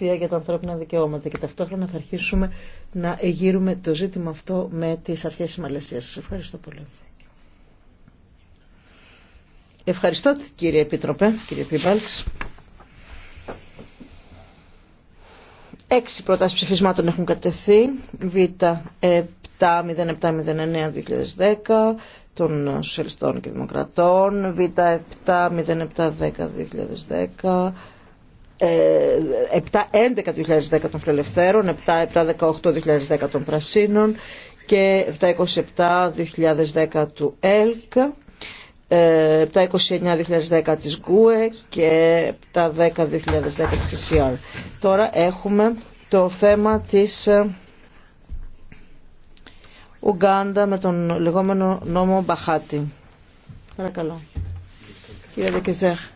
αξία για τα ανθρώπινα δικαιώματα και ταυτόχρονα θα αρχίσουμε να εγείρουμε το ζήτημα αυτό με τις αρχές της Μαλαισίας. Σας ευχαριστώ πολύ. Ευχαριστώ κύριε Επίτροπε, κύριε Πίμπαλξ. Έξι προτάσεις ψηφισμάτων έχουν κατεθεί. Β. 7.07.09.2010 των Σοσιαλιστών και Δημοκρατών. Β. 7.07.10.2010 7-11 ε, του 2010 των Φιλελευθέρων, 7-18 2010 των Πρασίνων και 7-27 2010 του ΕΛΚ, 7-29-2010 ε, της ΓΚΟΕ και 7-10-2010 της ΕΣΥΑΡ. Τώρα έχουμε το θέμα της ε, Ουγκάντα με τον λεγόμενο νόμο Μπαχάτη. Παρακαλώ. Κύριε Δεκεζέχ.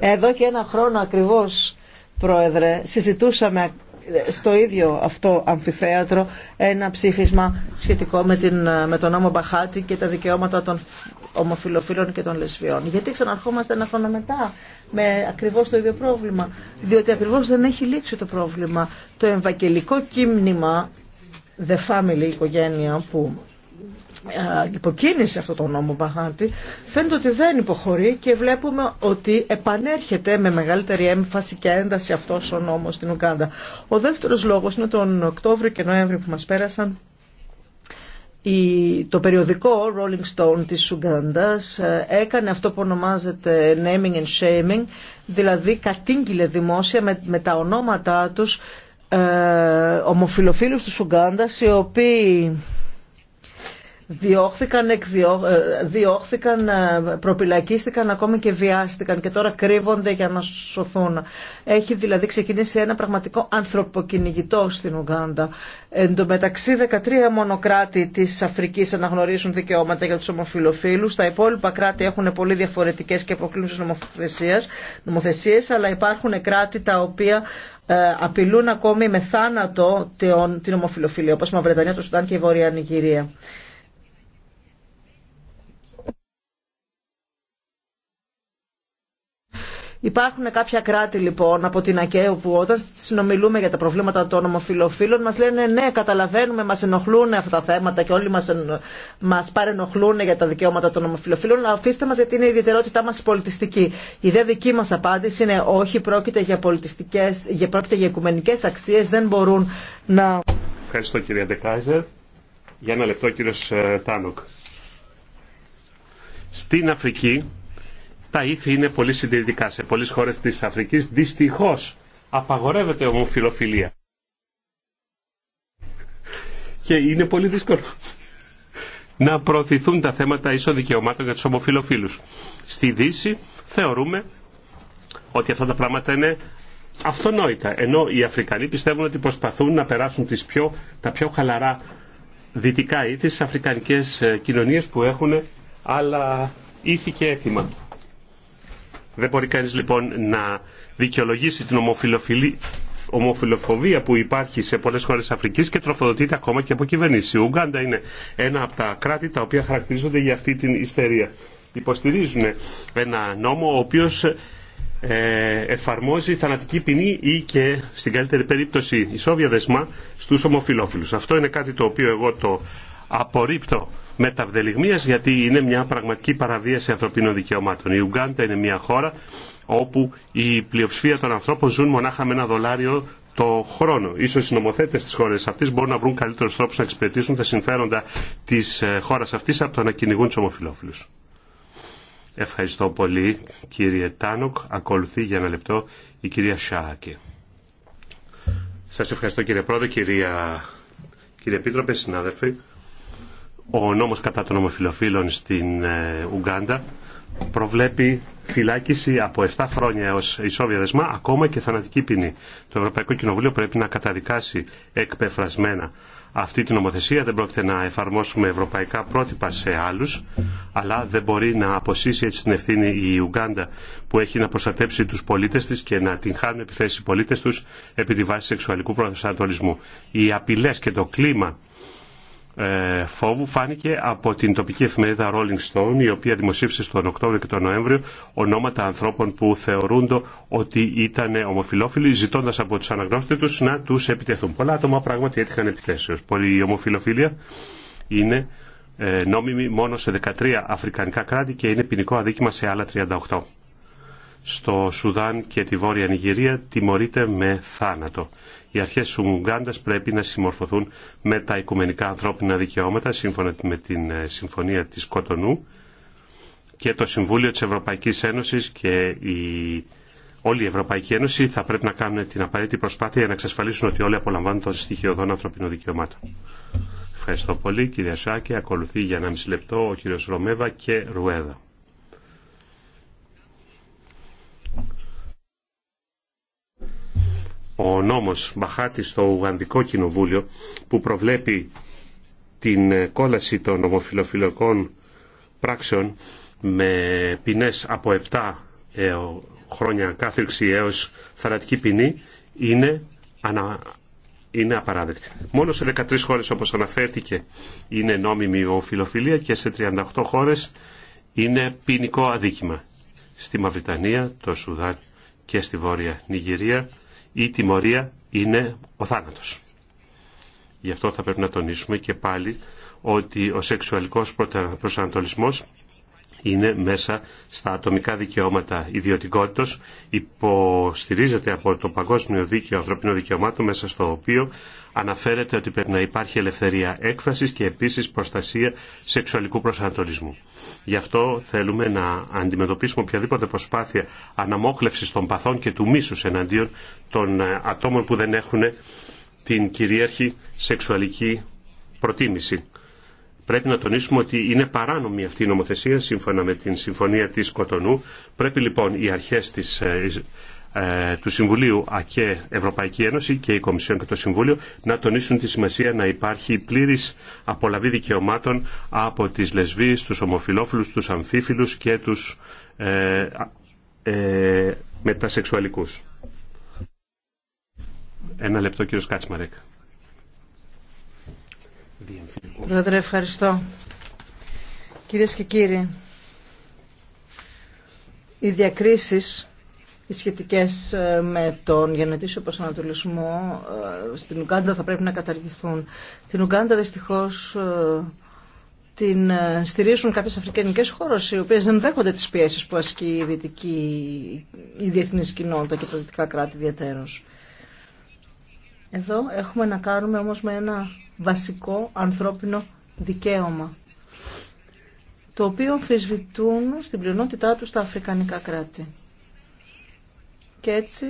Εδώ και ένα χρόνο ακριβώς, Πρόεδρε, συζητούσαμε στο ίδιο αυτό αμφιθέατρο ένα ψήφισμα σχετικό με, τον νόμο Μπαχάτη και τα δικαιώματα των ομοφυλοφίλων και των λεσβιών. Γιατί ξαναρχόμαστε ένα χρόνο μετά με ακριβώς το ίδιο πρόβλημα. Διότι ακριβώς δεν έχει λήξει το πρόβλημα. Το εμβαγγελικό κείμνημα The Family, η οικογένεια που υποκίνησε αυτό το νόμο Μπαχάντη φαίνεται ότι δεν υποχωρεί και βλέπουμε ότι επανέρχεται με μεγαλύτερη έμφαση και ένταση αυτός ο νόμος στην Ουγκάντα. Ο δεύτερος λόγος είναι τον Οκτώβριο και Νοέμβριο που μας πέρασαν το περιοδικό Rolling Stone της Ουγκάντας ε, έκανε αυτό που ονομάζεται naming and shaming, δηλαδή κατήγγειλε δημόσια με, τα ονόματά τους ε, ομοφιλοφίλους της Ουγκάντας οι οποίοι διώχθηκαν, εκδιώ, ε, διώχθηκαν, ε, προπυλακίστηκαν, ακόμη και βιάστηκαν και τώρα κρύβονται για να σωθούν. Έχει δηλαδή ξεκινήσει ένα πραγματικό ανθρωποκυνηγητό στην Ουγγάντα. Εν τω μεταξύ 13 μονοκράτη της Αφρικής αναγνωρίζουν δικαιώματα για τους ομοφιλοφίλους. Τα υπόλοιπα κράτη έχουν πολύ διαφορετικές και αποκλίνουσες νομοθεσίες, αλλά υπάρχουν κράτη τα οποία ε, απειλούν ακόμη με θάνατο την ομοφιλοφιλία, όπως η Μαυρετανία, το Σουδάν και η Βόρεια Νιγηρία. Υπάρχουν κάποια κράτη λοιπόν από την ΑΚΕΟ που όταν συνομιλούμε για τα προβλήματα των ομοφιλοφίλων μας λένε ναι καταλαβαίνουμε μας ενοχλούν αυτά τα θέματα και όλοι μας, εν... μας παρενοχλούν για τα δικαιώματα των ομοφιλοφίλων αφήστε μας γιατί είναι η ιδιαιτερότητά μας πολιτιστική. Η δε δική μας απάντηση είναι όχι πρόκειται για πολιτιστικές, για, πρόκειται για οικουμενικές αξίες δεν μπορούν να... Ευχαριστώ κύριε Ντεκάιζερ. Για ένα λεπτό κύριος ε, Τάνοκ. Στην Αφρική τα ήθη είναι πολύ συντηρητικά. Σε πολλές χώρες της Αφρικής δυστυχώς απαγορεύεται ομοφιλοφιλία. Και είναι πολύ δύσκολο να προωθηθούν τα θέματα ίσων δικαιωμάτων για τους ομοφιλοφίλους. Στη Δύση θεωρούμε ότι αυτά τα πράγματα είναι αυτονόητα, ενώ οι Αφρικανοί πιστεύουν ότι προσπαθούν να περάσουν τις πιο, τα πιο χαλαρά δυτικά ήθη στις αφρικανικές ε, κοινωνίες που έχουν άλλα ήθη και έθιμα. Δεν μπορεί κανείς λοιπόν να δικαιολογήσει την ομοφιλοφιλή ομοφιλοφοβία που υπάρχει σε πολλές χώρες Αφρικής και τροφοδοτείται ακόμα και από κυβερνήσει. Η Ουγγάντα είναι ένα από τα κράτη τα οποία χαρακτηρίζονται για αυτή την ιστερία. Υποστηρίζουν ένα νόμο ο οποίο ε, εφαρμόζει θανατική ποινή ή και στην καλύτερη περίπτωση ισόβια δεσμά στους ομοφιλόφιλους. Αυτό είναι κάτι το οποίο εγώ το απορρίπτω μεταβδελιγμίας γιατί είναι μια πραγματική παραβίαση ανθρωπίνων δικαιωμάτων. Η Ουγγάντα είναι μια χώρα όπου η πλειοψηφία των ανθρώπων ζουν μονάχα με ένα δολάριο το χρόνο. Ίσως οι νομοθέτες της χώρας αυτής μπορούν να βρουν καλύτερου τρόπους να εξυπηρετήσουν τα συμφέροντα τη ε, χώρα αυτή από το να κυνηγούν του ομοφυλόφιλου. Ευχαριστώ πολύ κύριε Τάνοκ. Ακολουθεί για ένα λεπτό η κυρία Σάκη. Σας ευχαριστώ κύριε Πρόεδρε, κυρία... κύριε Επίτροπε, συνάδελφοι. Ο νόμος κατά των ομοφιλοφίλων στην ε, Ουγκάντα προβλέπει φυλάκιση από 7 χρόνια ως ισόβια δεσμά, ακόμα και θανατική ποινή. Το Ευρωπαϊκό Κοινοβούλιο πρέπει να καταδικάσει εκπεφρασμένα αυτή την νομοθεσία. Δεν πρόκειται να εφαρμόσουμε ευρωπαϊκά πρότυπα σε άλλους, αλλά δεν μπορεί να αποσύσει έτσι την ευθύνη η Ουγκάντα που έχει να προστατέψει τους πολίτες της και να την χάνουν επιθέσει οι πολίτες τους επί τη βάση σεξουαλικού προσανατολισμού. Οι απειλές και το κλίμα ε, φόβου φάνηκε από την τοπική εφημερίδα Rolling Stone, η οποία δημοσίευσε στον Οκτώβριο και τον Νοέμβριο ονόματα ανθρώπων που θεωρούνται ότι ήταν ομοφιλόφιλοι, ζητώντας από τους αναγνώστες του να τους επιτεθούν. Πολλά άτομα πράγματι έτυχαν επιθέσεω. Πολύ η ομοφιλοφίλια είναι ε, νόμιμη μόνο σε 13 αφρικανικά κράτη και είναι ποινικό αδίκημα σε άλλα 38 στο Σουδάν και τη Βόρεια Νιγηρία τιμωρείται με θάνατο. Οι αρχές του Ουγγάντας πρέπει να συμμορφωθούν με τα οικουμενικά ανθρώπινα δικαιώματα σύμφωνα με την ε, Συμφωνία της Κοτονού και το Συμβούλιο της Ευρωπαϊκής Ένωσης και η... όλη η Ευρωπαϊκή Ένωση θα πρέπει να κάνουν την απαραίτητη προσπάθεια για να εξασφαλίσουν ότι όλοι απολαμβάνουν των στοιχειωδών ανθρωπίνων δικαιωμάτων. Ευχαριστώ πολύ κυρία Σάκη. Ακολουθεί για μισή λεπτό ο κύριος Ρωμέβα και Ρουέδα. ο νόμος Μαχάτη στο Ουγανδικό Κοινοβούλιο που προβλέπει την ε, κόλαση των ομοφιλοφιλοκών πράξεων με ποινές από 7 ε, χρόνια κάθριξη έως θανατική ποινή είναι, ανα... είναι απαράδεκτη. Μόνο σε 13 χώρες όπως αναφέρθηκε είναι νόμιμη ομοφιλοφιλία και σε 38 χώρες είναι ποινικό αδίκημα. Στη Μαυριτανία, το Σουδάν και στη Βόρεια Νιγηρία η τιμωρία είναι ο θάνατος. Γι' αυτό θα πρέπει να τονίσουμε και πάλι ότι ο σεξουαλικός προσανατολισμός είναι μέσα στα ατομικά δικαιώματα ιδιωτικότητος, υποστηρίζεται από το Παγκόσμιο Δίκαιο Ανθρωπίνων Δικαιωμάτων, μέσα στο οποίο αναφέρεται ότι πρέπει να υπάρχει ελευθερία έκφρασης και επίσης προστασία σεξουαλικού προσανατολισμού. Γι' αυτό θέλουμε να αντιμετωπίσουμε οποιαδήποτε προσπάθεια αναμόκλευσης των παθών και του μίσους εναντίον των ε, ατόμων που δεν έχουν την κυρίαρχη σεξουαλική προτίμηση. Πρέπει να τονίσουμε ότι είναι παράνομη αυτή η νομοθεσία σύμφωνα με την Συμφωνία της Κοτονού. Πρέπει λοιπόν οι αρχές της, ε, ε, του Συμβουλίου ΑΚΕ Ευρωπαϊκή Ένωση και η Κομισιόν και το Συμβούλιο να τονίσουν τη σημασία να υπάρχει πλήρης απολαβή δικαιωμάτων από τις λεσβείες, τους ομοφιλόφιλους, τους αμφίφιλους και τους ε, ε μετασεξουαλικούς. Ένα λεπτό κύριο Κάτσμαρέκ. Διεμφυλικούς. Πρόεδρε, ευχαριστώ. Κυρίες και κύριοι, οι διακρίσεις οι σχετικές ε, με τον γενετήσιο προσανατολισμό ε, στην Ουγκάντα θα πρέπει να καταργηθούν. Την Ουγκάντα δυστυχώς ε, την στηρίζουν κάποιες αφρικανικές χώρες οι οποίες δεν δέχονται τις πιέσεις που ασκεί η, δυτική, διεθνής κοινότητα και τα δυτικά κράτη ιδιαίτερως. Εδώ έχουμε να κάνουμε όμως με ένα βασικό ανθρώπινο δικαίωμα το οποίο αμφισβητούν στην πλειονότητά τους τα αφρικανικά κράτη. Και έτσι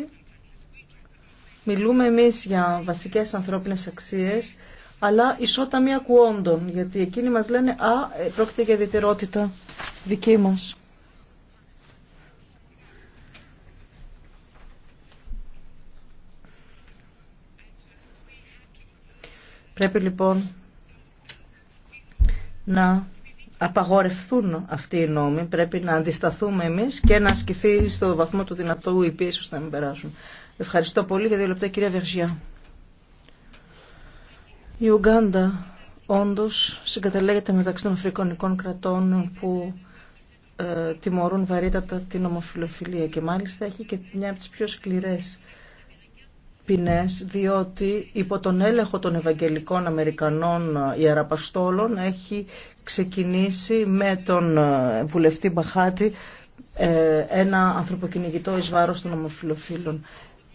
μιλούμε εμείς για βασικές ανθρώπινες αξίες, αλλά ισόταμοι ακουόντων, γιατί εκείνοι μας λένε «Α, ε, πρόκειται για ιδιαιτερότητα δική μας». Πρέπει λοιπόν να απαγορευθούν αυτοί οι νόμοι, πρέπει να αντισταθούμε εμείς και να ασκηθεί στο βαθμό του δυνατού η πίεση ώστε να μην περάσουν. Ευχαριστώ πολύ για δύο λεπτά κυρία Βεργιά. Η Ουγγάντα όντως συγκαταλέγεται μεταξύ των αφρικανικών κρατών που ε, τιμωρούν βαρύτατα την ομοφιλοφιλία και μάλιστα έχει και μια από τις πιο σκληρές διότι υπό τον έλεγχο των Ευαγγελικών Αμερικανών Ιεραπαστόλων έχει ξεκινήσει με τον ε, βουλευτή Μπαχάτη ε, ένα ανθρωποκυνηγητό εις βάρος των ομοφιλοφίλων.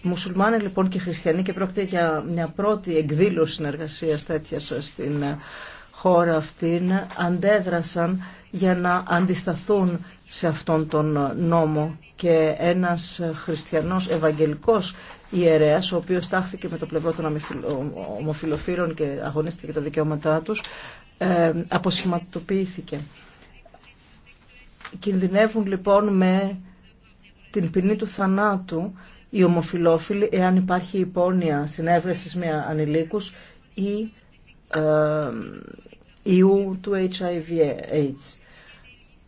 Μουσουλμάνοι λοιπόν και χριστιανοί και πρόκειται για μια πρώτη εκδήλωση συνεργασίας τέτοια στην ε, χώρα αυτήν αντέδρασαν για να αντισταθούν σε αυτόν τον νόμο και ένας χριστιανός ευαγγελικός ιερέας, ο οποίος στάχθηκε με το πλευρό των ομοφυλοφύλων και αγωνίστηκε για τα δικαιώματά τους, ε, αποσχηματοποιήθηκε. Κινδυνεύουν λοιπόν με την ποινή του θανάτου οι ομοφιλόφιλοι εάν υπάρχει υπόνοια συνέβρεσης με ανηλίκους ή ε, ιού του HIV-AIDS.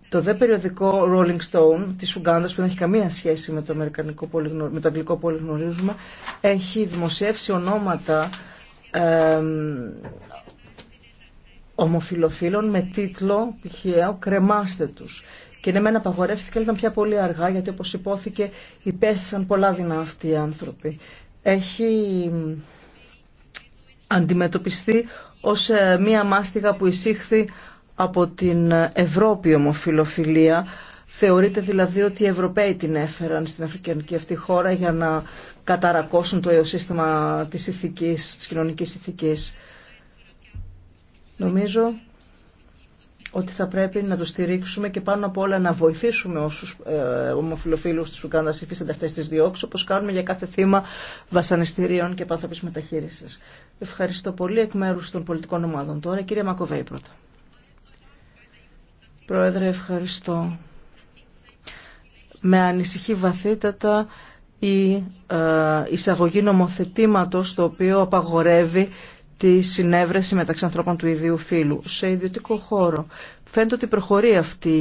Το δε περιοδικό Rolling Stone τη Ουγγάνδας που δεν έχει καμία σχέση με το, αμερικανικό πολυγνω... αγγλικό που γνωρίζουμε έχει δημοσιεύσει ονόματα ε, ομοφιλοφίλων με τίτλο πηχαίο «Κρεμάστε τους». Και ναι, μεν απαγορεύτηκε, αλλά ήταν πια πολύ αργά, γιατί όπως υπόθηκε υπέστησαν πολλά δεινά αυτοί οι άνθρωποι. Έχει αντιμετωπιστεί ως ε, μία μάστιγα που εισήχθη από την Ευρώπη ομοφιλοφιλία. Θεωρείται δηλαδή ότι οι Ευρωπαίοι την έφεραν στην Αφρικανική αυτή χώρα για να καταρακώσουν το αιωσύστημα της ηθικής, της κοινωνικής ηθικής. Νομίζω ότι θα πρέπει να το στηρίξουμε και πάνω απ' όλα να βοηθήσουμε όσους ε, ομοφιλοφίλους της Ουκάνδας υφίστανται αυτές τις διώξεις, όπως κάνουμε για κάθε θύμα βασανιστήριων και πάθαπης μεταχείρισης. Ευχαριστώ πολύ εκ μέρους των πολιτικών ομάδων. Τώρα, κύριε Μακοβέη πρώτα. Πρόεδρε, ευχαριστώ. Με ανησυχεί βαθύτατα η ε, εισαγωγή νομοθετήματος το οποίο απαγορεύει τη συνέβρεση μεταξύ ανθρώπων του ιδίου φύλου σε ιδιωτικό χώρο. Φαίνεται ότι προχωρεί αυτή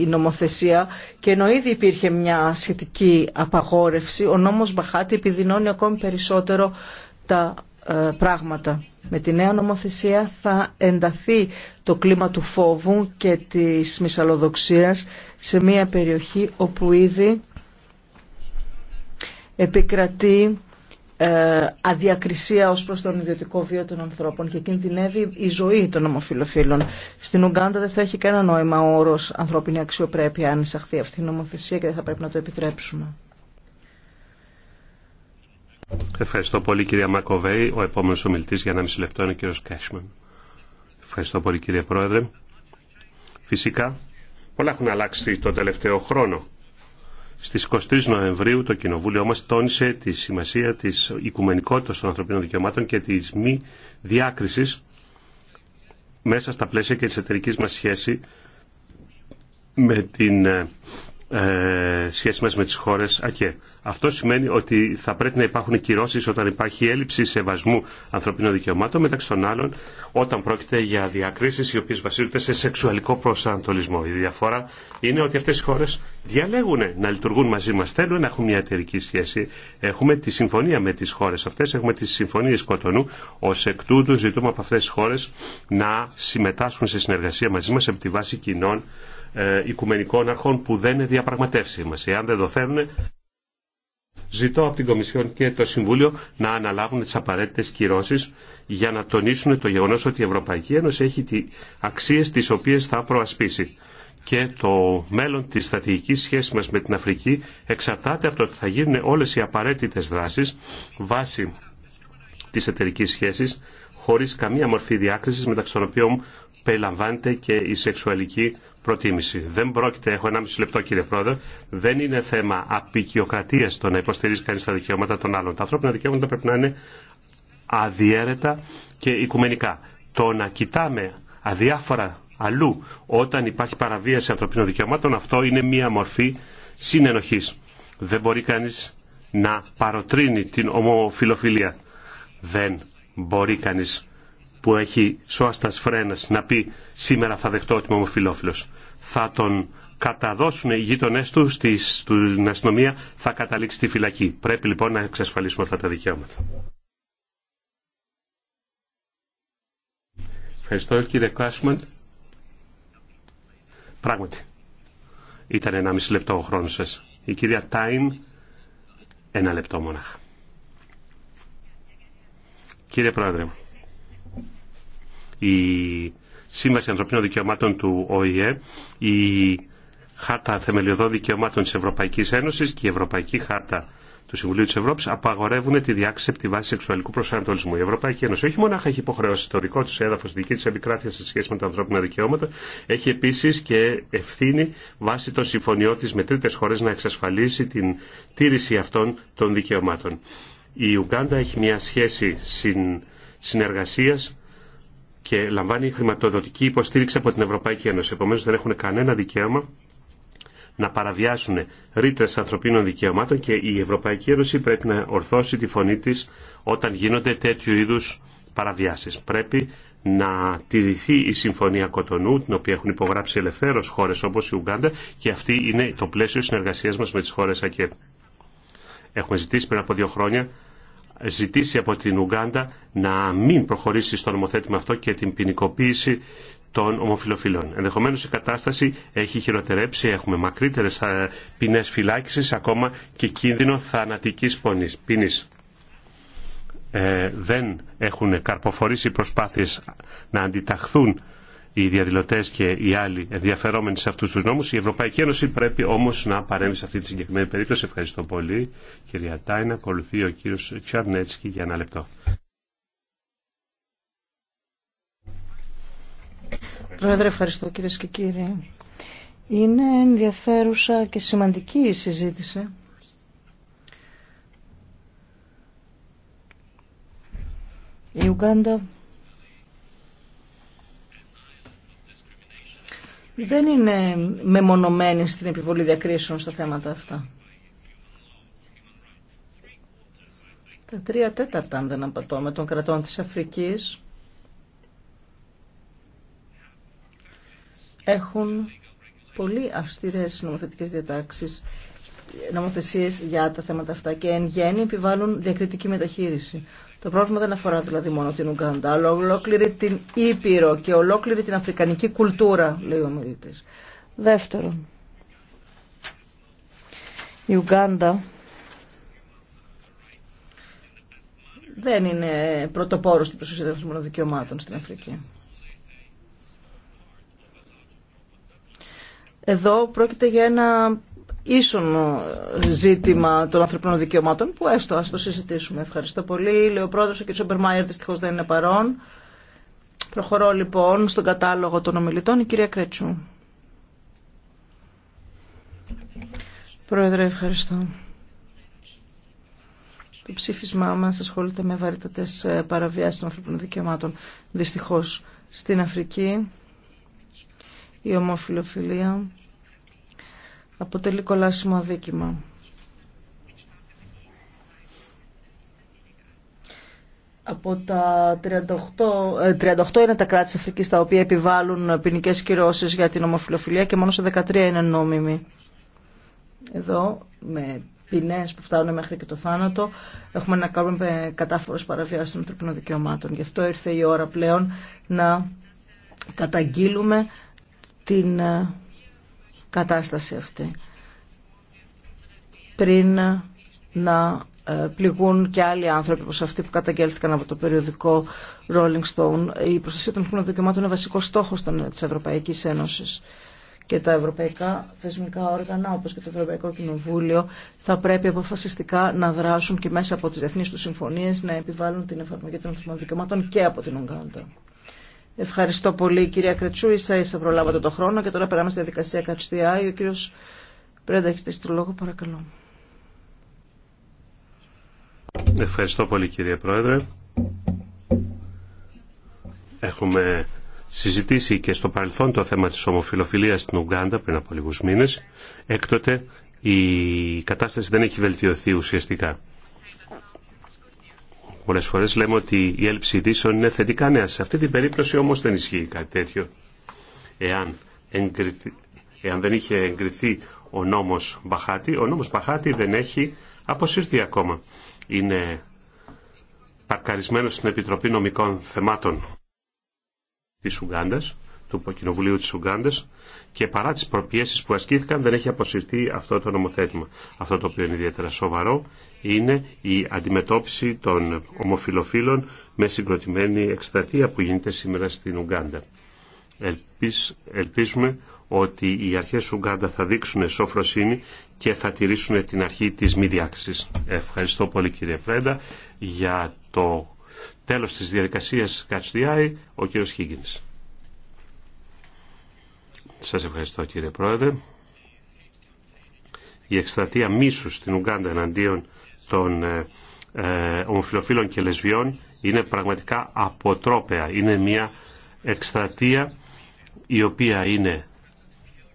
η νομοθεσία και ενώ ήδη υπήρχε μια σχετική απαγόρευση, ο νόμος Μπαχάτη επιδεινώνει ακόμη περισσότερο τα ε, πράγματα. Με τη νέα νομοθεσία θα ενταθεί το κλίμα του φόβου και της μυσαλλοδοξίας σε μια περιοχή όπου ήδη επικρατεί ε, αδιακρισία ως προς τον ιδιωτικό βίο των ανθρώπων και κινδυνεύει η ζωή των ομοφιλοφίλων. Στην Ουγγάντα δεν θα έχει κανένα νόημα ο όρος ανθρώπινη αξιοπρέπεια αν εισαχθεί αυτή η νομοθεσία και δεν θα πρέπει να το επιτρέψουμε. Ευχαριστώ πολύ κυρία Μακοβέη. Ο επόμενος ομιλητής για 1,5 λεπτό είναι ο κύριος Κάσμαν. Ευχαριστώ πολύ κύριε Πρόεδρε. Φυσικά, πολλά έχουν αλλάξει το τελευταίο χρόνο. Στις 23 Νοεμβρίου το Κοινοβούλιο μας τόνισε τη σημασία της οικουμενικότητας των ανθρωπίνων δικαιωμάτων και της μη διάκρισης μέσα στα πλαίσια και της εταιρική μας σχέση με την ε, ε, σχέση μας με τις χώρες ΑΚΕ. Αυτό σημαίνει ότι θα πρέπει να υπάρχουν κυρώσεις όταν υπάρχει έλλειψη σεβασμού ανθρωπίνων δικαιωμάτων, μεταξύ των άλλων όταν πρόκειται για διακρίσεις οι οποίες βασίζονται σε σεξουαλικό προσανατολισμό. Η διαφορά είναι ότι αυτές οι χώρες διαλέγουν να λειτουργούν μαζί μας, θέλουν να έχουν μια εταιρική σχέση. Έχουμε τη συμφωνία με τις χώρες αυτές, έχουμε τις συμφωνίες Κοτονού, ω εκ τούτου ζητούμε από αυτές τις χώρες να συμμετάσχουν σε συνεργασία μαζί μας επί τη βάση κοινών ε, οικουμενικών αρχών που δεν είναι διαπραγματεύσιμες. Εάν δεν το θέλουν, ζητώ από την Κομισιόν και το Συμβούλιο να αναλάβουν τις απαραίτητες κυρώσεις για να τονίσουν το γεγονός ότι η Ευρωπαϊκή Ένωση έχει τι αξίες τις οποίες θα προασπίσει. Και το μέλλον της στρατηγικής σχέσης μας με την Αφρική εξαρτάται από το ότι θα γίνουν όλες οι απαραίτητες δράσεις βάσει της εταιρικής σχέσης χωρίς καμία μορφή διάκρισης μεταξύ των οποίων περιλαμβάνεται και η σεξουαλική προτίμηση. Δεν πρόκειται, έχω ένα 1,5 λεπτό κύριε Πρόεδρε, δεν είναι θέμα απεικιοκρατία το να υποστηρίζει κανεί τα δικαιώματα των άλλων. Τα ανθρώπινα δικαιώματα πρέπει να είναι αδιέρετα και οικουμενικά. Το να κοιτάμε αδιάφορα αλλού όταν υπάρχει παραβίαση ανθρωπίνων δικαιωμάτων, αυτό είναι μία μορφή συνενοχή. Δεν μπορεί κανεί να παροτρύνει την ομοφιλοφιλία. Δεν μπορεί κανείς που έχει σώστας φρένας να πει σήμερα θα δεχτώ ότι είμαι ομοφιλόφιλος. Θα τον καταδώσουν οι γείτονέ του στην αστυνομία, θα καταλήξει στη φυλακή. Πρέπει λοιπόν να εξασφαλίσουμε αυτά τα δικαιώματα. Ευχαριστώ κύριε Κάσμαν. Πράγματι, ήταν ένα μισή λεπτό ο χρόνος σας. Η κυρία Τάιν, ένα λεπτό μόναχα. Κύριε Πρόεδρε η Σύμβαση Ανθρωπίνων Δικαιωμάτων του ΟΗΕ, η Χάρτα Θεμελιωδών Δικαιωμάτων τη Ευρωπαϊκή Ένωση και η Ευρωπαϊκή Χάρτα του Συμβουλίου τη Ευρώπη απαγορεύουν τη διάξηση τη βάση σεξουαλικού προσανατολισμού. Η Ευρωπαϊκή Ένωση όχι μόνο έχει υποχρεώσει το δικό τη έδαφο, τη δική τη επικράτεια σε σχέση με τα ανθρώπινα δικαιώματα, έχει επίση και ευθύνη βάσει των συμφωνιών τη με τρίτε χώρε να εξασφαλίσει την τήρηση αυτών των δικαιωμάτων. Η Ουγγάντα έχει μια σχέση συν, και λαμβάνει χρηματοδοτική υποστήριξη από την Ευρωπαϊκή Ένωση. Επομένω δεν έχουν κανένα δικαίωμα να παραβιάσουν ρήτρε ανθρωπίνων δικαιωμάτων και η Ευρωπαϊκή Ένωση πρέπει να ορθώσει τη φωνή τη όταν γίνονται τέτοιου είδου παραβιάσει. Πρέπει να τηρηθεί η Συμφωνία Κοτονού, την οποία έχουν υπογράψει ελευθέρω χώρε όπω η Ουγγάντα και αυτή είναι το πλαίσιο συνεργασία μα με τι χώρε ΑΚΕ. Έχουμε ζητήσει πριν από δύο χρόνια ζητήσει από την Ουγγάντα να μην προχωρήσει στο νομοθέτημα αυτό και την ποινικοποίηση των ομοφιλοφιλών. Ενδεχομένως η κατάσταση έχει χειροτερέψει, έχουμε μακρύτερες ποινές φυλάκισης, ακόμα και κίνδυνο θανατικής ποινής. Ε, δεν έχουν καρποφορήσει προσπάθειες να αντιταχθούν οι διαδηλωτέ και οι άλλοι ενδιαφερόμενοι σε αυτού του νόμου. Η Ευρωπαϊκή Ένωση πρέπει όμω να παρέμβει σε αυτή τη συγκεκριμένη περίπτωση. Ευχαριστώ πολύ. Κυρία Τάινα, ακολουθεί ο κύριο Τσαρνέτσκι για ένα λεπτό. Πρόεδρε, ευχαριστώ κυρίε και κύριοι. Είναι ενδιαφέρουσα και σημαντική η συζήτηση. Η Ουγκάντα δεν είναι μεμονωμένη στην επιβολή διακρίσεων στα θέματα αυτά. Τα τρία τέταρτα, αν δεν απατώ, με των κρατών της Αφρικής έχουν πολύ αυστηρές νομοθετικές διατάξεις νομοθεσίε για τα θέματα αυτά και εν γέννη επιβάλλουν διακριτική μεταχείριση. Το πρόβλημα δεν αφορά δηλαδή μόνο την Ουγγάντα αλλά ολόκληρη την Ήπειρο και ολόκληρη την αφρικανική κουλτούρα, λέει ο μιλητής. Δεύτερον, η Ουγγάντα δεν είναι πρωτοπόρος στην προστασία των δικαιωμάτων στην Αφρική. Εδώ πρόκειται για ένα ίσον ζήτημα των ανθρωπίνων δικαιωμάτων που έστω ας το συζητήσουμε. Ευχαριστώ πολύ. Λέω πρόεδρος, ο κ. Μάιερ δυστυχώς δεν είναι παρόν. Προχωρώ λοιπόν στον κατάλογο των ομιλητών η κυρία Κρέτσου. Πρόεδρε, ευχαριστώ. Το ψήφισμά μα ασχολείται με βαρύτατε ε, παραβιάσεις των ανθρωπίνων δικαιωμάτων. Δυστυχώ στην Αφρική η ομοφιλοφιλία αποτελεί κολάσιμο αδίκημα. Από τα 38, 38 ε, είναι τα κράτη της Αφρικής τα οποία επιβάλλουν ποινικέ κυρώσεις για την ομοφιλοφιλία και μόνο σε 13 είναι νόμιμοι. Εδώ με ποινές που φτάνουν μέχρι και το θάνατο έχουμε να κάνουμε με κατάφορες των ανθρωπινών δικαιωμάτων. Γι' αυτό ήρθε η ώρα πλέον να καταγγείλουμε την ε, κατάσταση αυτή πριν να ε, πληγούν και άλλοι άνθρωποι όπως αυτοί που καταγγέλθηκαν από το περιοδικό Rolling Stone. Η προστασία των ανθρώπινων δικαιωμάτων είναι βασικό στόχος της Ευρωπαϊκής Ένωσης και τα ευρωπαϊκά θεσμικά όργανα όπως και το Ευρωπαϊκό Κοινοβούλιο θα πρέπει αποφασιστικά να δράσουν και μέσα από τις διεθνείς του συμφωνίες να επιβάλλουν την εφαρμογή των ανθρώπινων δικαιωμάτων και από την Ουγγάντα. Ευχαριστώ πολύ κυρία Κρετσού. Ίσα ίσα προλάβατε το χρόνο και τώρα περάμε στη διαδικασία Κατστιάη. Ο κύριος Πρέντα έχει στήσει το λόγο παρακαλώ. Ευχαριστώ πολύ κύριε Πρόεδρε. Έχουμε συζητήσει και στο παρελθόν το θέμα της ομοφιλοφιλίας στην Ουγγάντα πριν από λίγους μήνες. Έκτοτε η κατάσταση δεν έχει βελτιωθεί ουσιαστικά. Πολλέ φορέ λέμε ότι η έλλειψη ειδήσεων είναι θετικά νέα. Σε αυτή την περίπτωση όμω δεν ισχύει κάτι τέτοιο. Εάν, εάν δεν είχε εγκριθεί ο νόμο Μπαχάτη, ο νόμο Μπαχάτη δεν έχει αποσύρθει ακόμα. Είναι παρκαρισμένο στην Επιτροπή Νομικών Θεμάτων τη Ουγγάντα του Κοινοβουλίου τη Ουγγάντα και παρά τι προπιέσεις που ασκήθηκαν δεν έχει αποσυρθεί αυτό το νομοθέτημα. Αυτό το οποίο είναι ιδιαίτερα σοβαρό είναι η αντιμετώπιση των ομοφιλοφίλων με συγκροτημένη εκστρατεία που γίνεται σήμερα στην Ελπίζ, ελπίζουμε ότι οι αρχές Ουγγάντα θα δείξουν σοφροσύνη και θα τηρήσουν την αρχή τη μη διάξης. Ευχαριστώ πολύ κύριε Πρέντα για το τέλος της διαδικασίας Catch ο κύριος Χίγκινς. Σας ευχαριστώ κύριε Πρόεδρε. Η εκστρατεία μίσου στην Ουγγάντα εναντίον των ε, ε, ομοφιλοφίλων και λεσβιών είναι πραγματικά αποτρόπαια. Είναι μια εκστρατεία η οποία είναι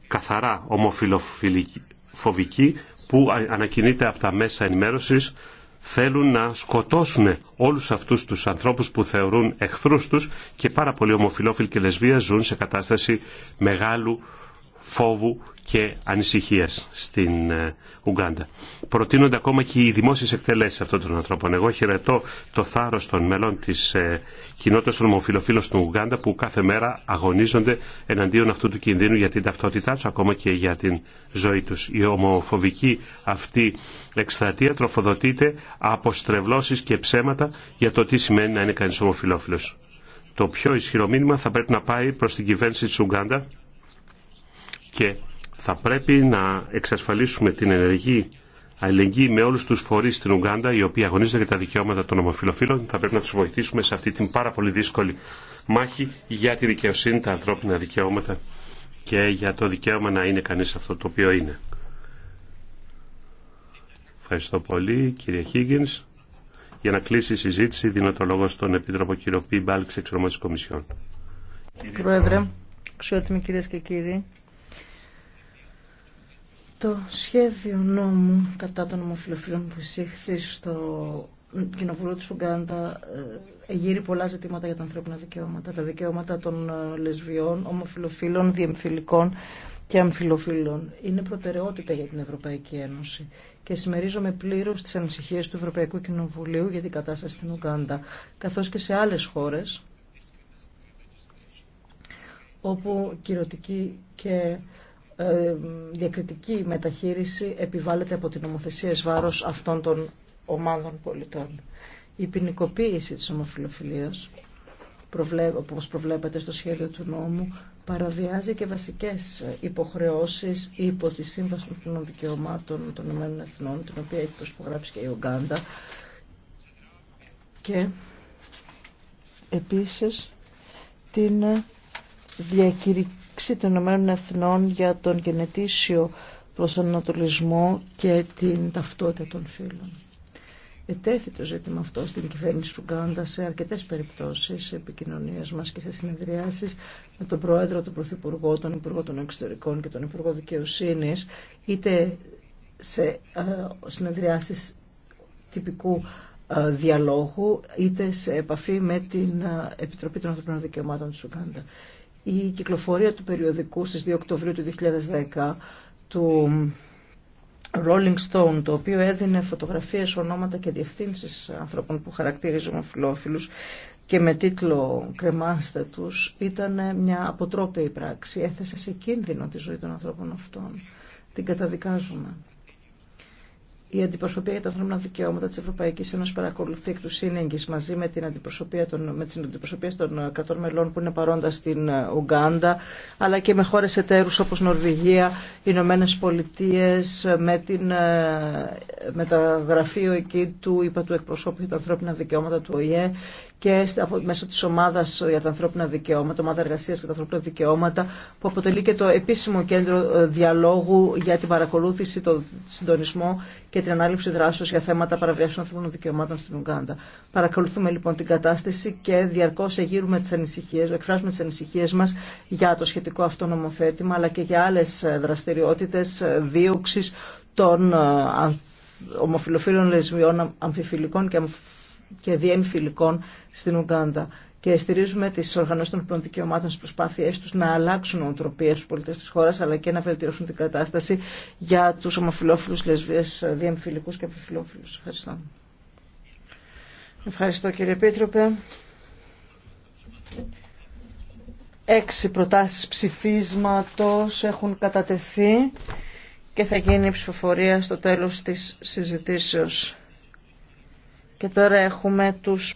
καθαρά ομοφιλοφοβική που ανακοινείται από τα μέσα ενημέρωσης θέλουν να σκοτώσουν όλους αυτούς τους ανθρώπους που θεωρούν εχθρούς τους και πάρα πολλοί ομοφιλόφιλοι και λεσβείες ζουν σε κατάσταση μεγάλου φόβου και ανησυχία στην ε, Ουγγάντα. Προτείνονται ακόμα και οι δημόσιες εκτελέσει αυτών των ανθρώπων. Εγώ χαιρετώ το θάρρο των μελών της ε, κοινότητας των ομοφιλοφίλων στην Ουγγάντα που κάθε μέρα αγωνίζονται εναντίον αυτού του κινδύνου για την ταυτότητά του, ακόμα και για την ζωή του. Η ομοφοβική αυτή εκστρατεία τροφοδοτείται από στρεβλώσει και ψέματα για το τι σημαίνει να είναι κανείς ομοφιλόφιλος. Το πιο ισχυρό μήνυμα θα πρέπει να πάει προς την κυβέρνηση της Ουγγάντα και θα πρέπει να εξασφαλίσουμε την ενεργή αλληλεγγύη με όλου του φορεί στην Ουγγάντα, οι οποίοι αγωνίζονται για τα δικαιώματα των ομοφυλοφίλων. Θα πρέπει να του βοηθήσουμε σε αυτή την πάρα πολύ δύσκολη μάχη για τη δικαιοσύνη, τα ανθρώπινα δικαιώματα και για το δικαίωμα να είναι κανεί αυτό το οποίο είναι. Ευχαριστώ πολύ, κύριε Χίγγινς. Για να κλείσει η συζήτηση, δίνω το λόγο στον Επίτροπο κύριο Πίμπαλξ, εξ Κομισιόν. Πρόεδρε, αξιότιμοι κυρίε και κύριοι. Το σχέδιο νόμου κατά των ομοφιλοφίλων που εισήχθη στο Κοινοβούλιο της Ουγκάντα ε, εγείρει πολλά ζητήματα για τα ανθρώπινα δικαιώματα. Τα δικαιώματα των ε, λεσβιών, ομοφιλοφίλων, διεμφυλικών και αμφιλοφίλων. Είναι προτεραιότητα για την Ευρωπαϊκή Ένωση και συμμερίζομαι πλήρω τι ανησυχίε του Ευρωπαϊκού Κοινοβουλίου για την κατάσταση στην Ουγκάντα, καθώ και σε άλλε χώρε όπου κυρωτική και ε, διακριτική μεταχείριση επιβάλλεται από την νομοθεσία εις βάρος αυτών των ομάδων πολιτών. Η ποινικοποίηση της ομοφιλοφιλίας, όπως προβλέπεται στο σχέδιο του νόμου, παραβιάζει και βασικές υποχρεώσεις υπό τη Σύμβαση των Κοινών Δικαιωμάτων των Ηνωμένων Εθνών, την οποία έχει προσπογράψει και η ΟΓΚΑΝΤΑ Και επίσης την διακηρυκή 6 των Ηνωμένων Εθνών για τον γενετήσιο προσανατολισμό και την ταυτότητα των φίλων. Ετέθη το ζήτημα αυτό στην κυβέρνηση του Γκάντα σε αρκετέ περιπτώσει επικοινωνία μα και σε συνεδριάσει με τον Πρόεδρο, τον Πρωθυπουργό, τον Υπουργό των Εξωτερικών και τον Υπουργό Δικαιοσύνη, είτε σε ε, συνεδριάσει τυπικού ε, διαλόγου, είτε σε επαφή με την ε, Επιτροπή των Ανθρωπίνων Δικαιωμάτων του Ουγκάντα η κυκλοφορία του περιοδικού στις 2 Οκτωβρίου του 2010 του Rolling Stone, το οποίο έδινε φωτογραφίες, ονόματα και διευθύνσεις ανθρώπων που χαρακτηρίζουν φιλόφιλους και με τίτλο «Κρεμάστε τους» ήταν μια αποτρόπαιη πράξη. Έθεσε σε κίνδυνο τη ζωή των ανθρώπων αυτών. Την καταδικάζουμε. Η Αντιπροσωπεία για τα Ανθρώπινα Δικαιώματα τη Ευρωπαϊκή Ένωση παρακολουθεί εκ του σύνεγγυ μαζί με την αντιπροσωπεία των, με τις αντιπροσωπείες των κρατών μελών που είναι παρόντα στην Ουγγάντα, αλλά και με χώρε εταίρου όπω Νορβηγία, Ηνωμένε Πολιτείε, με, την, ε, με το γραφείο εκεί του είπα του εκπροσώπου τα ανθρώπινα δικαιώματα του ΟΗΕ και μέσω τη ομάδα για τα ανθρώπινα δικαιώματα, ομάδα εργασία για τα ανθρώπινα δικαιώματα, που αποτελεί και το επίσημο κέντρο ε, διαλόγου για την παρακολούθηση, τον συντονισμό και την ανάληψη δράσεω για θέματα παραβιάσεων ανθρώπινων δικαιωμάτων στην Ουγγάντα. Παρακολουθούμε λοιπόν την κατάσταση και διαρκώ εγείρουμε τι ανησυχίε, εκφράζουμε τι ανησυχίε μα για το σχετικό αυτό νομοθέτημα, αλλά και για άλλε δραστηριότητε ε, δίωξη των ε, ομοφιλοφίλων λεσβιών, αμφιφιλικών και αμφιφιλικών και διεμφυλικών στην Ουγγάντα Και στηρίζουμε τι οργανώσει των πολιτικών δικαιωμάτων στι προσπάθειέ του να αλλάξουν οτροπίε στου πολίτε τη χώρα, αλλά και να βελτιώσουν την κατάσταση για του ομοφυλόφιλου, λεσβείε, διεμφυλικού και επιφυλόφιλου. Ευχαριστώ. Ευχαριστώ κύριε Επίτροπε. Έξι προτάσεις ψηφίσματος έχουν κατατεθεί και θα γίνει η ψηφοφορία στο τέλος της συζητήσεως. Και τώρα έχουμε τους